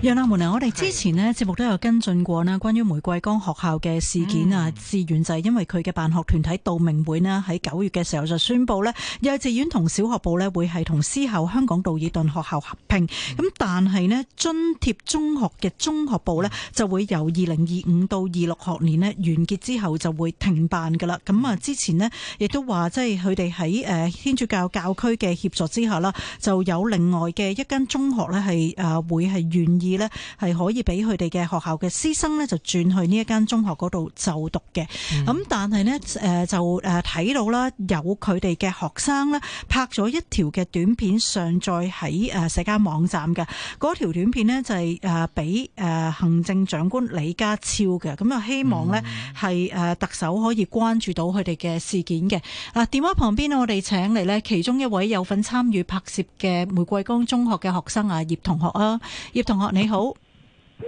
楊立門啊，我哋之前咧，節目都有跟進過啦，關於玫瑰崗學校嘅事件啊，志願、嗯、就係因為佢嘅辦學團體道明會咧，喺九月嘅時候就宣布咧，幼稚園同小學部咧會係同私校香港道爾頓學校合併，咁、嗯、但係咧津貼中學嘅中學部咧就會由二零二五到二六學年咧完結之後就會停辦噶啦。咁啊，之前咧亦都話即係佢哋喺誒天主教教區嘅協助之下啦，就有另外嘅一間中學咧係誒會係願意。呢係可以俾佢哋嘅學校嘅師生的、嗯、呢，就轉去呢一間中學嗰度就讀嘅。咁但係呢，誒就誒睇到啦，有佢哋嘅學生呢，拍咗一條嘅短片上載喺誒社交網站嘅。嗰條短片呢，就係誒俾誒行政長官李家超嘅。咁啊，希望呢，係誒特首可以關注到佢哋嘅事件嘅。嗱，電話旁邊我哋請嚟呢，其中一位有份參與拍攝嘅玫瑰崗中學嘅學生啊，葉同學啊，葉同學。你好，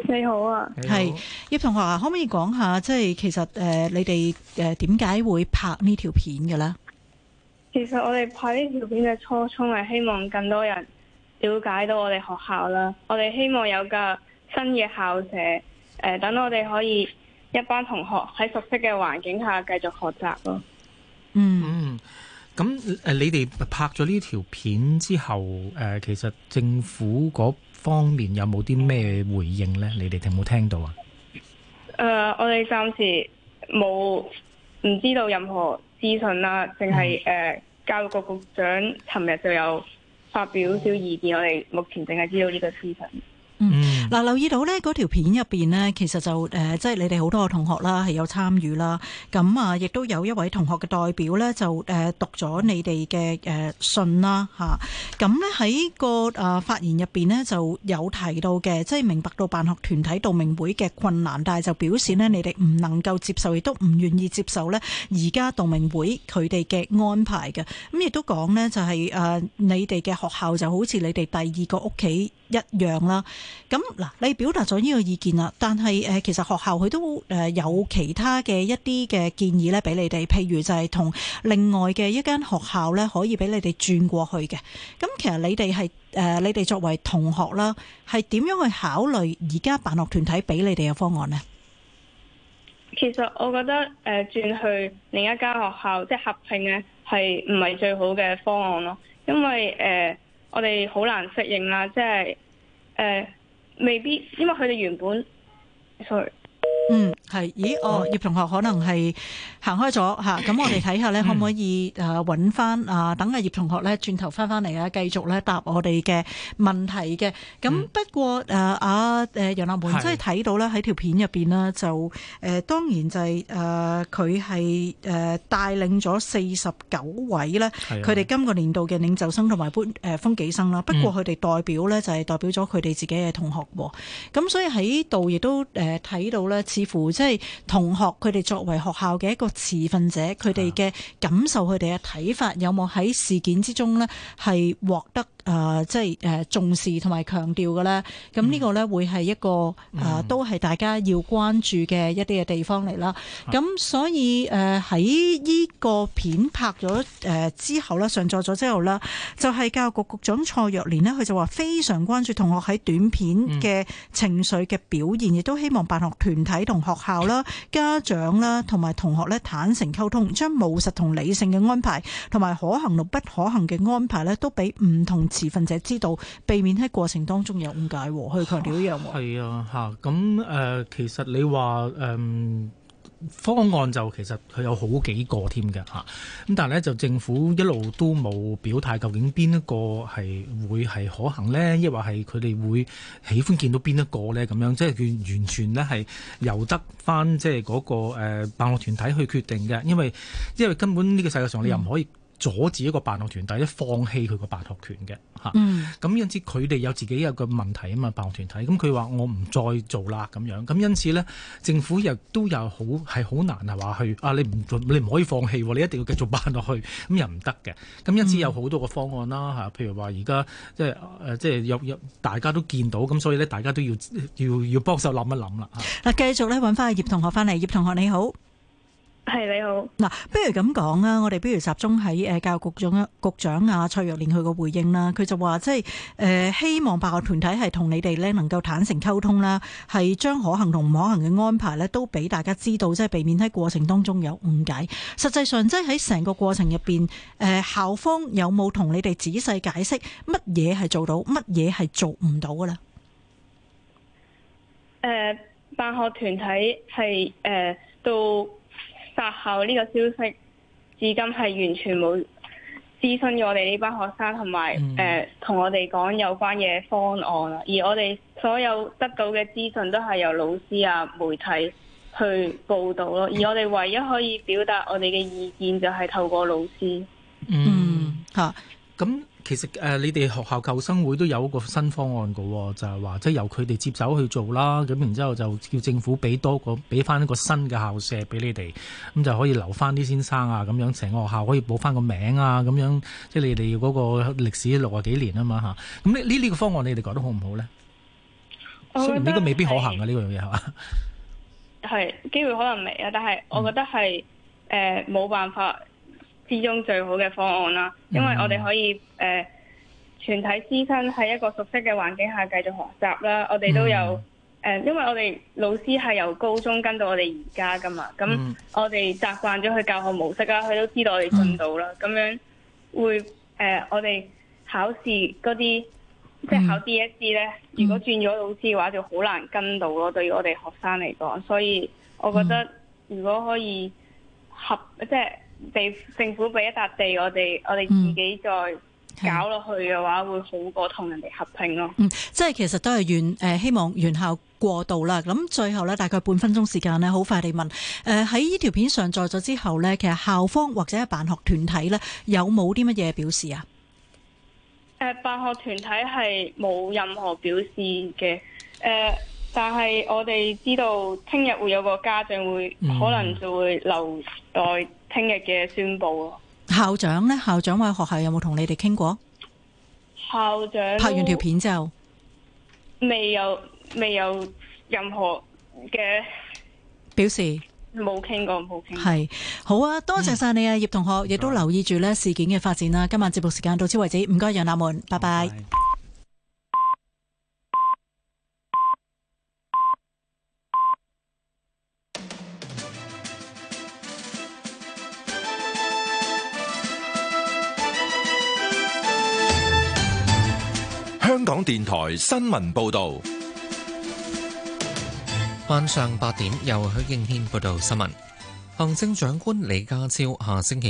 你好啊，係葉是好同學啊，可唔可以講下，即係其實誒，你哋誒點解會拍呢條片嘅咧？其實，呃、這呢其實我哋拍呢條片嘅初衷係希望更多人了解到我哋學校啦，我哋希望有個新嘅校舍，誒、呃，等我哋可以一班同學喺熟悉嘅環境下繼續學習咯。嗯。咁誒，你哋拍咗呢條片之後，誒其實政府嗰方面有冇啲咩回應呢？你哋有冇聽到啊？誒、呃，我哋暫時冇唔知道任何資訊啦，淨係誒教育局局長尋日就有發表少意見，我哋目前淨係知道呢個資訊。嗱，留意到呢嗰條片入面呢，其實就誒，即係你哋好多同學啦，係有參與啦。咁啊，亦都有一位同學嘅代表呢，就誒讀咗你哋嘅誒信啦吓。咁呢，喺個誒發言入面呢，就有提到嘅，即係明白到辦學團體道明會嘅困難，但係就表示呢，你哋唔能夠接受，亦都唔願意接受呢而家道明會佢哋嘅安排嘅。咁亦都講呢，就係誒你哋嘅學校就好似你哋第二個屋企一樣啦。咁嗱，你表達咗呢個意見啦，但係誒，其實學校佢都誒有其他嘅一啲嘅建議咧，俾你哋，譬如就係同另外嘅一間學校咧，可以俾你哋轉過去嘅。咁其實你哋係誒，你哋作為同學啦，係點樣去考慮而家辦學團體俾你哋嘅方案呢？其實我覺得誒、呃、轉去另一間學校即係合併呢，係唔係最好嘅方案咯？因為誒、呃，我哋好難適應啦，即係誒。呃未必，因為佢哋原本，sorry。嗯，係，咦，哦，葉、哦、同學可能係行開咗吓，咁、嗯、我哋睇下咧，可唔可以誒揾翻啊，等阿葉同學咧轉頭翻翻嚟啊，繼續咧答我哋嘅問題嘅。咁不過誒啊誒楊立門是真係睇到咧喺條片入邊呢就誒、呃、當然就係誒佢係誒帶領咗四十九位咧，佢哋、啊、今個年度嘅領袖生同埋誒風紀生啦。不過佢哋代表咧、嗯、就係代表咗佢哋自己嘅同學，喎。咁所以喺度亦都誒睇、呃、到咧。似乎即係同學佢哋作為學校嘅一個持份者，佢哋嘅感受，佢哋嘅睇法，有冇喺事件之中咧，係獲得？啊、呃，即係、呃、重視同埋強調嘅咧，咁呢個咧會係一個啊、呃，都係大家要關注嘅一啲嘅地方嚟啦。咁、嗯、所以誒喺依個片拍咗誒之後啦，上載咗之後啦，就係、是、教育局局長蔡若蓮咧，佢就話非常關注同學喺短片嘅情緒嘅表現，亦、嗯、都希望辦學團體同學校啦、家長啦同埋同學咧坦誠溝通，將務實同理性嘅安排同埋可行同不可行嘅安排咧，都俾唔同。示憤者知道，避免喺過程當中有誤解，去強調一樣。係啊，嚇咁誒，其實你話誒、嗯、方案就其實佢有好幾個添嘅嚇，咁但係咧就政府一路都冇表態，究竟邊一個係會係可行呢？抑或係佢哋會喜歡見到邊一個呢？咁樣即係佢完全咧係由得返即係嗰個誒辦學團體去決定嘅，因為因為根本呢個世界上你又唔可以、嗯。阻止一個辦學團體，放棄佢個辦學權嘅，嗯，咁因此佢哋有自己有個問題啊嘛，辦學團體。咁佢話我唔再做啦咁樣。咁因此咧，政府亦都有好係好難係話去啊，你唔你唔可以放棄，你一定要繼續辦落去咁又唔得嘅。咁因此有好多個方案啦，嗯、譬如話而家即係誒即係有有大家都見到，咁所以咧大家都要要要幫手諗一諗啦。嗱，繼續咧揾翻葉同學翻嚟，葉同學你好。係你好，嗱，不如咁講啊！比我哋不如集中喺誒教育局局局長啊蔡若蓮佢嘅回應啦，佢就話即係誒希望辦學團體係同你哋咧能夠坦誠溝通啦，係將可行同唔可行嘅安排咧都俾大家知道，即係避免喺過程當中有誤解。實際上即係喺成個過程入邊，誒校方有冇同你哋仔細解釋乜嘢係做到，乜嘢係做唔到噶咧？誒、呃，辦學團體係誒到。殺校呢個消息，至今係完全冇諮詢我哋呢班學生，同埋誒同我哋講有關嘅方案啦。而我哋所有得到嘅資訊都係由老師啊媒體去報道咯。而我哋唯一可以表達我哋嘅意見就係透過老師。嗯，吓、啊、咁。其實誒，你哋學校舊生會都有一個新方案噶，就係話即係由佢哋接手去做啦，咁然之後就叫政府俾多個俾翻一個新嘅校舍俾你哋，咁就可以留翻啲先生啊，咁樣成個學校可以補翻個名啊，咁樣即係你哋嗰個歷史六十幾年啊嘛吓，咁呢呢個方案你哋覺得好唔好呢？雖然呢個未必可行嘅呢樣嘢係嘛？係機會可能嚟啊，但係我覺得係誒冇辦法。之中最好嘅方案啦，因為我哋可以誒、呃、全體師生喺一個熟悉嘅環境下繼續學習啦。我哋都有誒、嗯、呃、因為我哋老師係由高中跟到我哋而家噶嘛，咁我哋習慣咗佢教學模式啦，佢都知道我哋進度啦，嗯、咁樣，會誒、呃、我哋考試嗰啲即係考 DSE 咧，如果轉咗老師嘅話就好難跟到咯。對於我哋學生嚟講，所以我覺得如果可以合即係。地政府俾一笪地，我哋我哋自己再搞落去嘅話，會好過同人哋合併咯。嗯，即係其實都係原誒，希望原校過渡啦。咁最後呢，大概半分鐘時間呢，好快地問誒，喺呢條片上載咗之後呢，其實校方或者係辦學團體呢，有冇啲乜嘢表示啊？誒、呃，辦學團體係冇任何表示嘅。誒、呃，但係我哋知道聽日會有個家長會，可能就會留待。聽日嘅宣布咯，校長呢？校長或學校有冇同你哋傾過？校長拍完條片就，未有未有任何嘅表示。冇傾過，冇傾。係好啊，多謝晒你啊，葉同學，亦、嗯、都留意住呢事件嘅發展啦。今晚節目時間到此為止，唔該，楊立門，拜拜。好拜拜。港電台新聞報道，晚上八點由許敬軒報道新聞。行政長官李家超下星期。